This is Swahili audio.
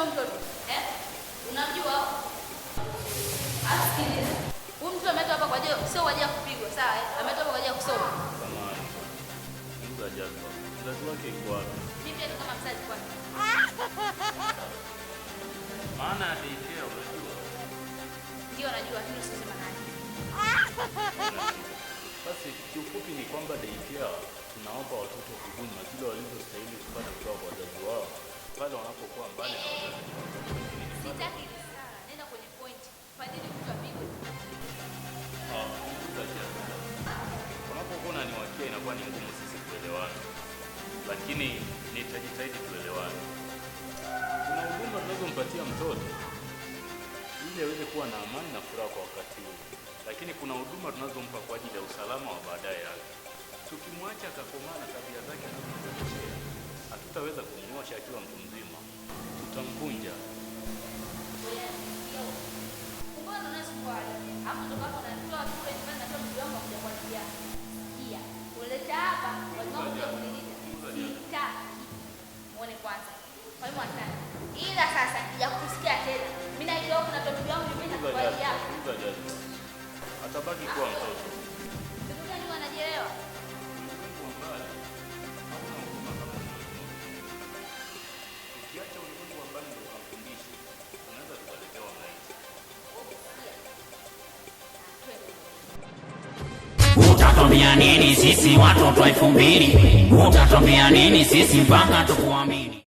huyo mtoto eh? Unamjua asikilize, huyu mtoto ameletwa hapa kwa ajili sio kwa ajili ya kupigwa, sawa eh? Ameletwa hapa kwa ajili ya kusoma. Mimi ni kama mzazi kwake, maana ndio najua hilo, sio nani. Basi kiufupi ni kwamba daycare tunawapa watoto huduma zile walizostahili kupata kutoka itakuwa ni ngumu sisi kuelewana, lakini nitajitahidi kuelewana. Kuna huduma tunazompatia mtoto ili aweze kuwa na amani na furaha kwa wakati huu, lakini kuna huduma tunazompa kwa ajili ya usalama wa baadaye yake. Tukimwacha akakomaa na tabia zake anazochochea, hatutaweza kumnyosha akiwa mtu mzima, tutamvunja kuleta hapa sitaki, muone kwanza. Kwa hiyo mwatani, ila sasa kija kusikia tena mimi na kuna mtoto wangu atabaki kuwa mtoto. wanajielewa. utatwambia nini sisi watoto elfu mbili? Utatwambia nini sisi mpaka tukuamini?